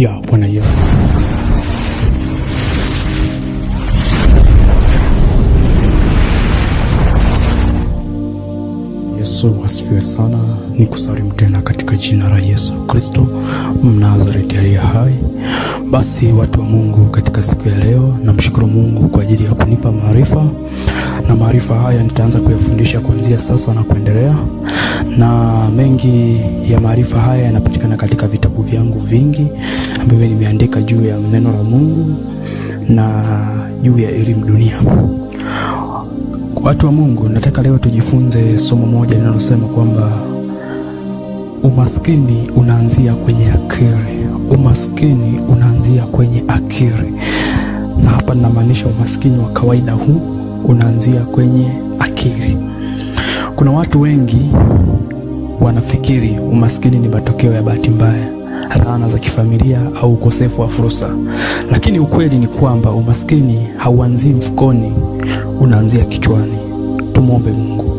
要不那样。Yesu asifiwe sana. Ni kusalimu tena katika jina la Yesu Kristo Mnazareti aliye hai. Basi watu wa Mungu, katika siku ya leo, namshukuru Mungu kwa ajili ya kunipa maarifa, na maarifa haya nitaanza kuyafundisha kuanzia sasa na kuendelea, na mengi ya maarifa haya yanapatikana katika vitabu vyangu vingi ambavyo nimeandika juu ya neno la Mungu na juu ya elimu dunia. Watu wa Mungu, nataka leo tujifunze somo moja linalosema kwamba umaskini unaanzia kwenye akili. Umaskini unaanzia kwenye akili, na hapa ninamaanisha umaskini wa kawaida huu unaanzia kwenye akili. Kuna watu wengi wanafikiri umaskini ni matokeo ya bahati mbaya laana za kifamilia au ukosefu wa fursa, lakini ukweli ni kwamba umaskini hauanzii mfukoni, unaanzia kichwani. Tumwombe Mungu.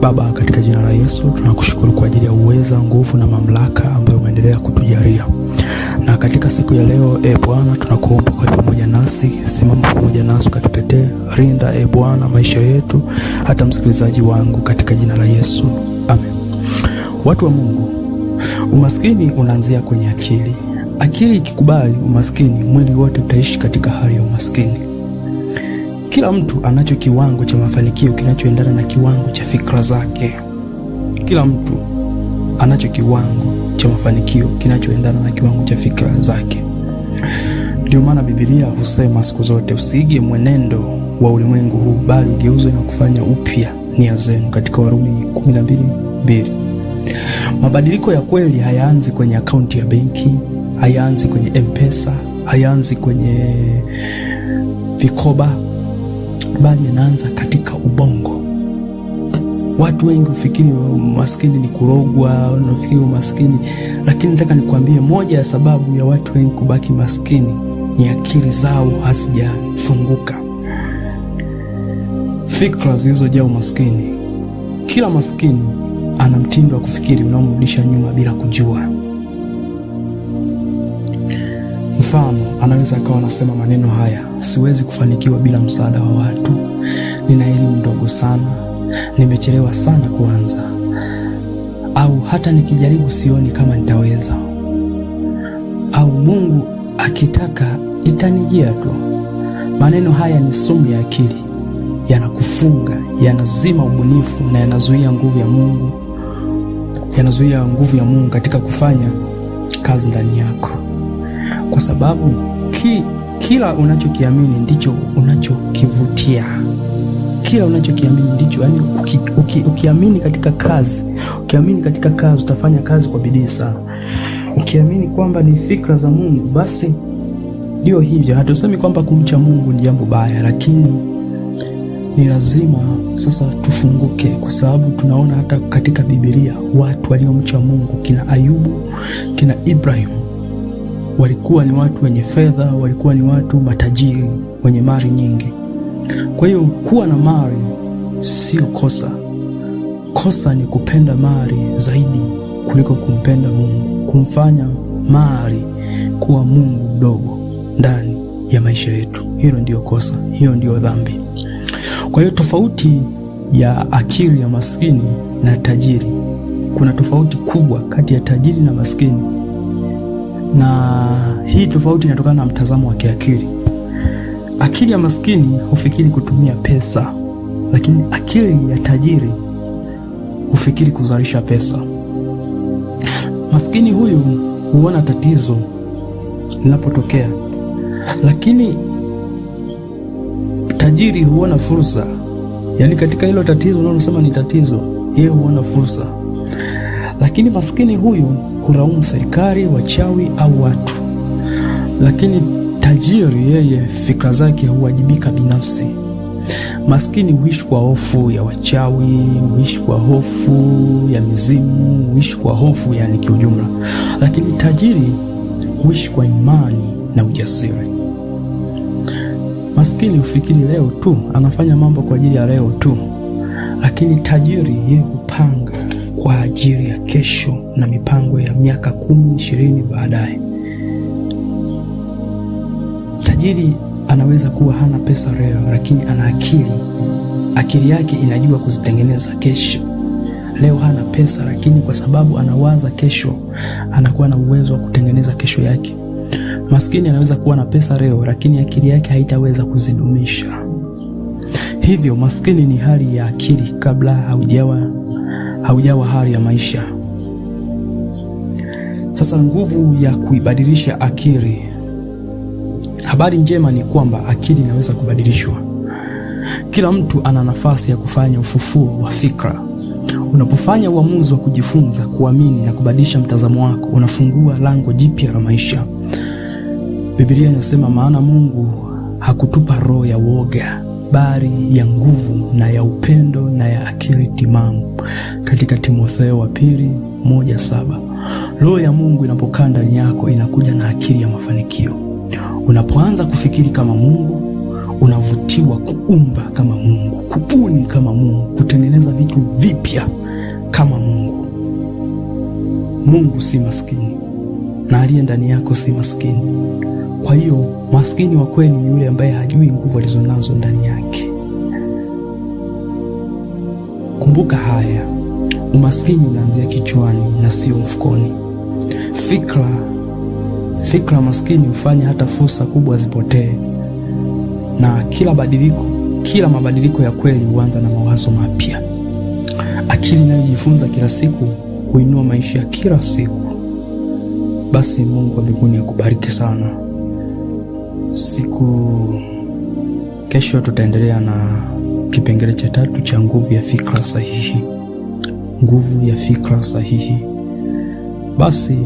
Baba, katika jina la Yesu tunakushukuru kwa ajili ya uweza, nguvu na mamlaka ambayo umeendelea kutujalia na katika siku ya leo e Bwana, tunakuomba kwa pamoja nasi, simama pamoja nasi, katutetee, rinda e Bwana maisha yetu, hata msikilizaji wangu katika jina la Yesu, amen. Watu wa Mungu Umaskini unaanzia kwenye akili. Akili ikikubali umaskini, mwili wote utaishi katika hali ya umaskini. Kila mtu anacho kiwango cha mafanikio kinachoendana na kiwango cha fikra zake. Kila mtu anacho kiwango cha mafanikio kinachoendana na kiwango cha fikra zake. Ndio maana Biblia husema siku zote, usiige mwenendo wa ulimwengu huu, bali ugeuzwe na kufanya upya nia zenu, katika Warumi 12:2. Mabadiliko ya kweli hayaanzi kwenye akaunti ya benki, hayaanzi kwenye M-Pesa, hayaanzi kwenye vikoba, bali yanaanza katika ubongo. Watu wengi hufikiri umaskini ni kurogwa, unafikiri umaskini, lakini nataka nikwambie, moja ya sababu ya watu wengi kubaki maskini ni akili zao hazijafunguka, fikra zilizojaa umaskini. Kila maskini ana mtindo wa kufikiri unaomrudisha nyuma bila kujua. Mfano, anaweza akawa anasema maneno haya: siwezi kufanikiwa bila msaada wa watu, nina elimu ndogo sana, nimechelewa sana kuanza, au hata nikijaribu sioni kama nitaweza, au Mungu akitaka itanijia tu. Maneno haya ni sumu ya akili, yanakufunga, yanazima ubunifu na yanazuia nguvu ya Mungu yanazuia nguvu ya Mungu katika kufanya kazi ndani yako, kwa sababu ki, kila unachokiamini ndicho unachokivutia. Kila unachokiamini ndicho yani, uki, uki, ukiamini katika kazi, ukiamini katika kazi utafanya kazi kwa bidii sana. Ukiamini kwamba ni fikra za Mungu, basi ndio hivyo. Hatusemi kwamba kumcha Mungu ni jambo baya, lakini ni lazima sasa tufunguke, kwa sababu tunaona hata katika Biblia watu waliomcha Mungu, kina Ayubu, kina Ibrahimu walikuwa ni watu wenye fedha, walikuwa ni watu matajiri wenye mali nyingi. Kwa hiyo kuwa na mali sio kosa. Kosa ni kupenda mali zaidi kuliko kumpenda Mungu, kumfanya mali kuwa mungu mdogo ndani ya maisha yetu. Hilo ndiyo kosa, hiyo ndiyo dhambi. Kwa hiyo tofauti ya akili ya maskini na tajiri, kuna tofauti kubwa kati ya tajiri na maskini, na hii tofauti inatokana na mtazamo wa kiakili. Akili ya maskini hufikiri kutumia pesa, lakini akili ya tajiri hufikiri kuzalisha pesa. Maskini huyu huona tatizo linapotokea, lakini tajiri huona fursa, yaani katika hilo tatizo unalosema ni tatizo, yeye huona fursa, lakini maskini huyu hulaumu serikali, wachawi au watu. Lakini tajiri yeye fikra zake huwajibika binafsi. Maskini huishi kwa hofu ya wachawi, huishi kwa hofu ya mizimu, huishi kwa hofu, yani kiujumla. Lakini tajiri huishi kwa imani na ujasiri. Maskini hufikiri leo tu, anafanya mambo kwa ajili ya leo tu, lakini tajiri yeye hupanga kwa ajili ya kesho na mipango ya miaka kumi ishirini baadaye. Tajiri anaweza kuwa hana pesa leo, lakini ana akili, akili yake inajua kuzitengeneza kesho. Leo hana pesa, lakini kwa sababu anawaza kesho, anakuwa na uwezo wa kutengeneza kesho yake. Maskini anaweza kuwa na pesa leo, lakini akili yake haitaweza kuzidumisha. Hivyo maskini ni hali ya akili kabla haujawa haujawa hali ya maisha. Sasa nguvu ya kuibadilisha akili. Habari njema ni kwamba akili inaweza kubadilishwa. Kila mtu ana nafasi ya kufanya ufufuo wa fikra. Unapofanya uamuzi wa kujifunza, kuamini na kubadilisha mtazamo wako, unafungua lango jipya la maisha. Biblia inasema, maana Mungu hakutupa roho ya woga, bali ya nguvu na ya upendo na ya akili timamu, katika Timotheo wa pili moja saba. Roho ya Mungu inapokaa ndani yako inakuja na akili ya mafanikio. Unapoanza kufikiri kama Mungu, unavutiwa kuumba kama Mungu, kubuni kama Mungu, kutengeneza vitu vipya kama Mungu. Mungu si maskini na aliye ndani yako si maskini. Kwa hiyo maskini wa kweli ni yule ambaye hajui nguvu alizonazo ndani yake. Kumbuka haya, umaskini unaanzia kichwani na sio mfukoni. Fikra fikra maskini hufanya hata fursa kubwa zipotee, na kila badiliko kila mabadiliko ya kweli huanza na mawazo mapya. Akili inayojifunza kila siku huinua maisha ya kila siku. Basi Mungu wa mbinguni akubariki sana. Siku kesho tutaendelea na kipengele cha tatu cha nguvu ya fikra sahihi. Nguvu ya fikra sahihi. Basi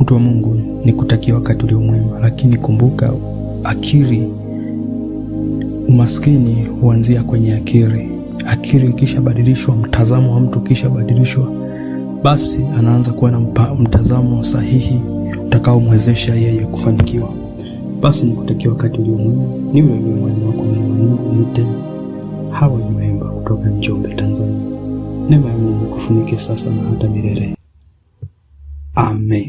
mtu wa Mungu, nikutakia wakati ulio mwema, lakini kumbuka, akiri umaskini huanzia kwenye akiri akiri ikishabadilishwa, mtazamo wa mtu ukishabadilishwa basi anaanza kuwa na mtazamo sahihi utakaomwezesha yeye kufanikiwa. Basi nikutakia wakati ulio mwema. Ni mimi mwalimu wako Maimanute Howard Mwemba kutoka Njombe, Tanzania. Neema ya Mungu ikufunike sasa na hata milele. Amen.